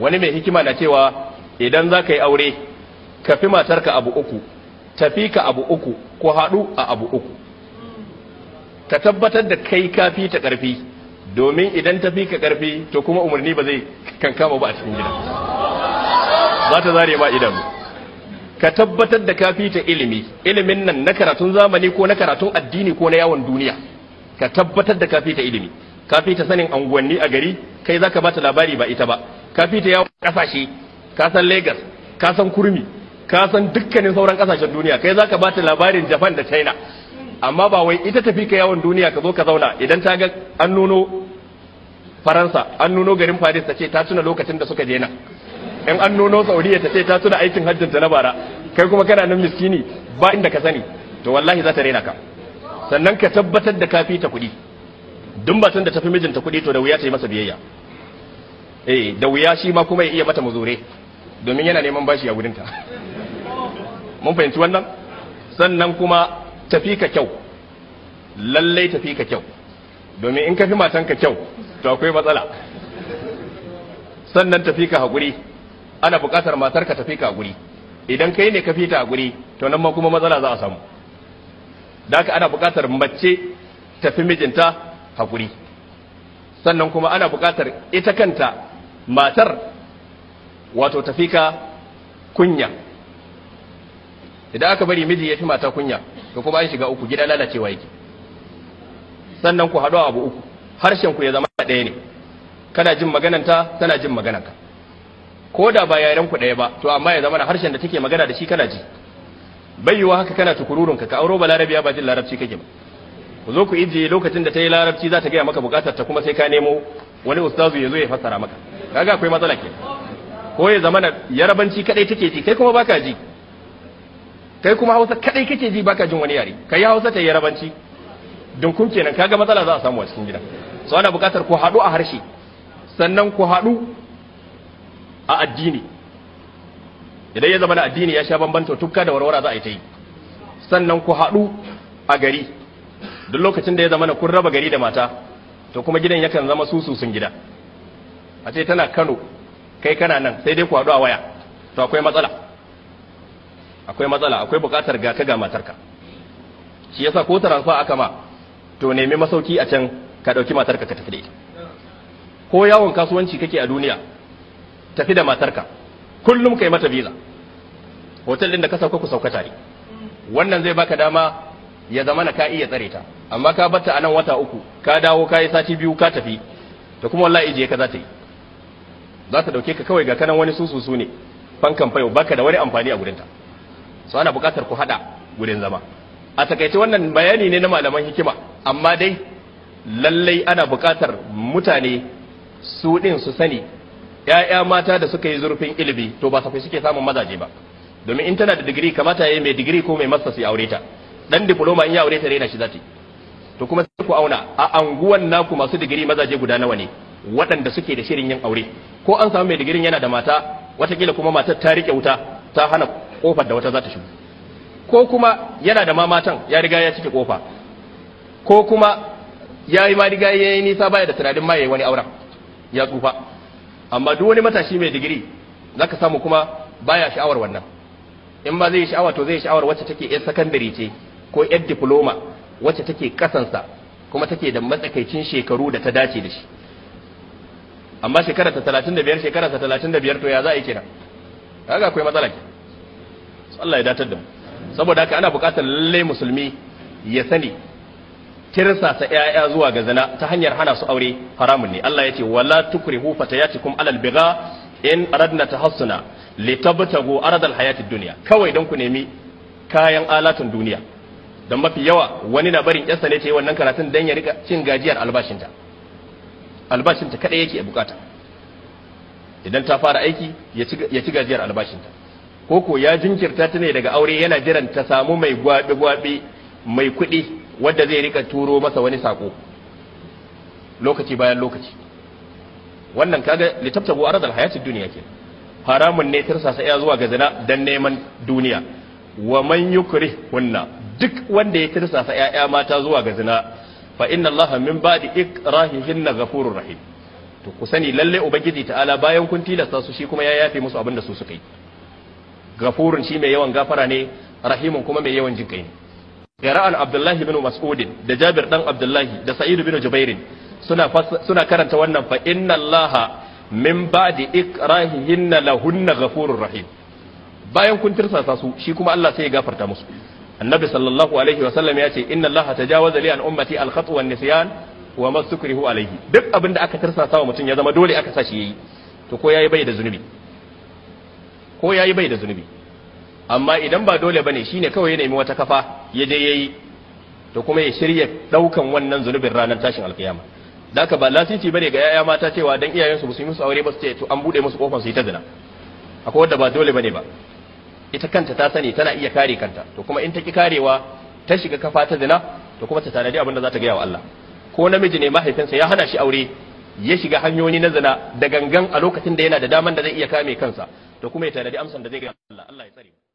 wani mai hikima na cewa idan za ka yi aure ka fi matarka abu uku tafi ka abu uku ko haɗu a abu uku ka tabbatar da kai ka fi ta ƙarfi domin idan ta fi ka ƙarfi to kuma umarni ba zai kankama ba a cikin gida za ta zare ba idanu ka tabbatar da ka ta ilimi ilimin nan na karatun zamani ko na karatun addini ko na yawon duniya ka tabbatar da ka ta ilimi ka ta sanin anguwanni a gari kai za ka ba ta labari ba ita ba ka fita yawon kasashe ka san lagos ka san kurmi ka san dukkanin sauran kasashen duniya kai zaka ba ta labarin japan da china amma ba wai ita tafi ka yawon duniya ka zo ka zauna idan ta ga an nuno faransa an nuno garin paris ta ce ta tuna lokacin da suka je nan in an nuno saudiya ta ce ta tuna aikin hajjin ta na bara kai kuma kana nan miskini ba inda ka sani to wallahi za ta rena ka sannan ka tabbatar da ka fita kuɗi dun da da tafi mijinta kuɗi to da wuya ta yi masa biyayya eh da wuya shi ma kuma ya iya mata muzure domin yana neman bashi a gurinta mun fahimci wannan sannan kuma tafi ka kyau lallai tafi ka kyau domin in ka fi matanka kyau to akwai matsala sannan tafi ka haƙuri ana buƙatar matarka tafi ka haƙuri idan kai ne ka fita haƙuri to nan ma kuma matsala za a samu da haka ana buƙatar mace tafi mijinta haƙuri sannan kuma ana buƙatar ita kanta matar wato ka kunya idan aka bari miji ya fi mata kunya to kuma an shiga uku gida lalacewa yake sannan ku haɗu abu uku harshen ku ya zama ɗaya ne kana jin magananta tana jin magananka ko da ba yarenku ku ɗaya ba to amma ya zama na harshen da take magana da shi kana ji bayyuwa haka kana tukururunka ka auro ba larabiya ba jin larabci kake ba ku zo ku ije lokacin da ta yi larabci za ta gaya maka bukatar ta kuma sai ka nemo wani ustazu ya zo ya fassara maka kaga akwai matsala ke ko ya zama na yarabanci kadai take ji kai kuma baka ji kai kuma hausa kadai kake ji baka jin wani yare kai hausa ta yarabanci dunkun kenan kaga matsala za a samu a cikin gida so ana bukatar ku haɗu a harshe sannan ku haɗu a addini idan ya zama na addini ya sha bambanta tukka da warwara za a yi ta yi sannan ku haɗu a gari duk lokacin da ya zama na kun raba gari da mata to kuma gidan yakan zama sususun gida a ce tana kano kai kana nan sai dai ku haɗu a waya to akwai matsala akwai matsala akwai buƙatar ga ka ga matarka shi yasa ko taransa aka ma to nemi masauki a can ka ɗauki matarka ka tafi da ita ko yawon kasuwanci kake a duniya tafi da matarka kullum kai mata biza hotel ɗin da ka sauka ku sauka tare wannan zai baka dama ya zama na ka iya tsare ta amma ka batta a nan wata uku ka dawo ka yi sati biyu ka tafi to kuma wallahi je ka za ta yi za ta dauke ka kawai ga kanan wani sususu ne fankan fayo baka da wani amfani a gurinta so ana bukatar ku hada gurin zama a takaice wannan bayani ne na malaman hikima amma dai lallai ana bukatar mutane su din su sani ya'ya mata da suka yi zurfin ilimi to ba safai suke samun mazaje ba domin in tana da digiri kamata ya yi mai digiri ko mai masters ya aure ta dan diploma in ya aure ta rena shi zata to kuma sai ku auna a anguwan naku masu digiri mazaje guda nawa ne waɗanda suke da shirin yin aure ko an samu mai digirin yana da mata watakila kuma matar ta rike wuta ta hana kofar da wata za ta shigo ko kuma yana da ma ya riga ya cike kofa ko kuma ya yi ma riga ya yi nisa baya da tunanin ma ya yi wani auren ya tsufa amma duk wani matashi mai digiri za samu kuma baya sha'awar wannan in ba zai yi sha'awa to zai yi sha'awar wacce take yan sakandare ce ko yar diploma wacce take kasansa kuma take da matsakaicin shekaru da ta dace da shi amma shekara ta 35 shekara ta 35 to ya za a yi kira kaga akwai matsala ke Allah ya datar da mu saboda haka ana buƙatar lalle musulmi ya sani sa ƴaƴa zuwa ga zina ta hanyar hana su aure haramun ne Allah ya ce wala tukrihu fatayatikum alal bigha in aradna tahassuna litabtagu aradal hayatid dunya kawai don ku nemi kayan alatun duniya don mafi yawa wani na barin 'yansa ne ta yi wannan karatun don ya rika cin gajiyar albashinta albashinta kaɗai yake bukata idan ta fara aiki ya ci gajiyar albashinta ko ko ya jinkirta ta ne daga aure yana jiran ta samu mai gwabi-gwabi mai kuɗi wadda zai rika turo masa wani sako lokaci bayan lokaci wannan kaga bu aradal hayatid duniya ke haramun ne tirsasa ya zuwa ga zina dan neman duniya wa man yukrihunna duk wanda ya tirsasa 'yaya mata zuwa ga zina fa inna allaha min ba'di ikrahihin ghafurur rahim to ku sani lalle ubangiji ta'ala bayan kun tilasta su shi kuma ya yafe musu abin da su suka yi ghafurun shi mai yawan gafara ne rahimun kuma mai yawan jinkai ne qira'an abdullahi bin mas'ud da jabir dan abdullahi da sa'id bin jubair suna suna karanta wannan fa inna allaha min ba'di ikrahihin lahunna ghafurur rahim bayan kun tirsasa su shi kuma Allah sai ya gafarta musu annabi sallallahu alaihi wa sallam ya ce inna allaha tajawaza li an ummati al khatu wan nisyan wa ma sukrihu alaihi duk abin da aka tirsasa wa mutum ya zama dole aka sashi yayi to ko yayi bai da zunubi ko yayi bai da zunubi amma idan ba dole bane shine kawai ya nemi wata kafa ya je yayi to kuma ya shirya daukan wannan zunubin ranar tashin alkiyama da ba lasisi bane ga yaya mata cewa dan iyayensu musu su yi musu aure ba su ce to an bude musu kofar su yi ta zina akwai wanda ba dole bane ba ita kanta ta sani tana iya kare kanta to kuma in ta ki karewa ta shiga kafa ta zina to kuma ta tanadi abin da za ta gaya wa Allah ko namiji ne mahaifinsa ya hana shi aure ya shiga hanyoyi na zina da gangan a lokacin da yana da daman da zai iya kame kansa to kuma ya tanadi amsan da zai gaya Allah Allah ya tsare